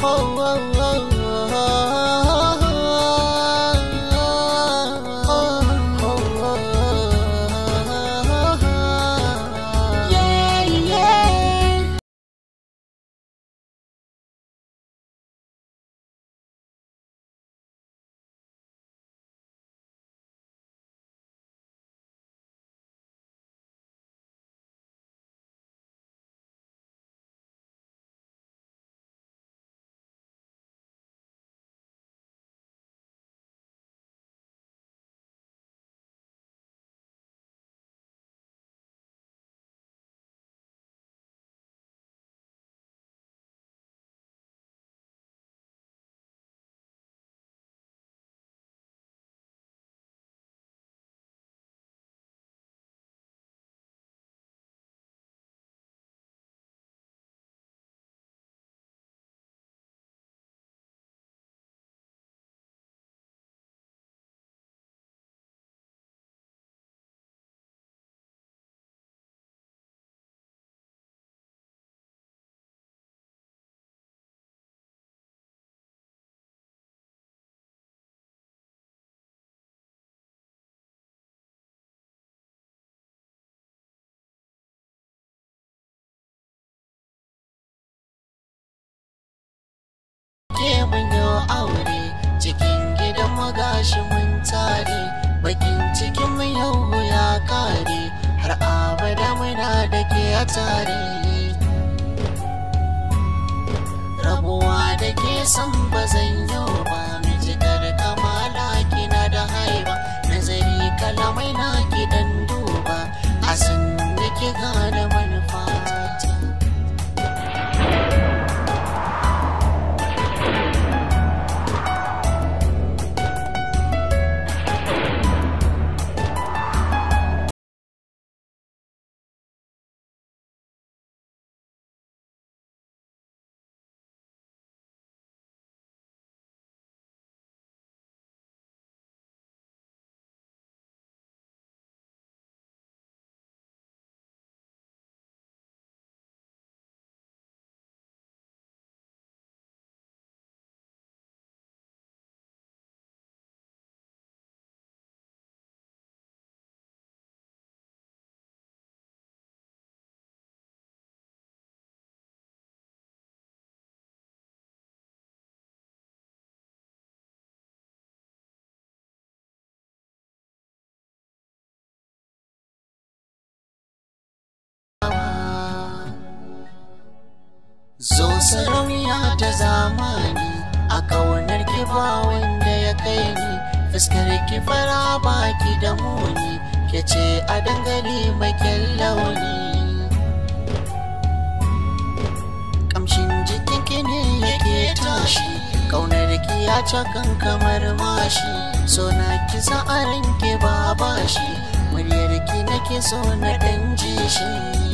oh, oh, oh. ke mun yi aure cikin gidan magashi mun tare bakin cikin mu yau ya kare har abada muna da ke a tare rabuwa da ke san ba sarauniya ta zamani a kaunar kifa wanda ya kai ni fuskar kifara ba ki da muni ke ce a dangane mai launi kamshin jikin kini ne yake tashi kaunar ki ya cakan kamar mashi so na ki sa'arin ki ba bashi muryar ki nake so na dan ji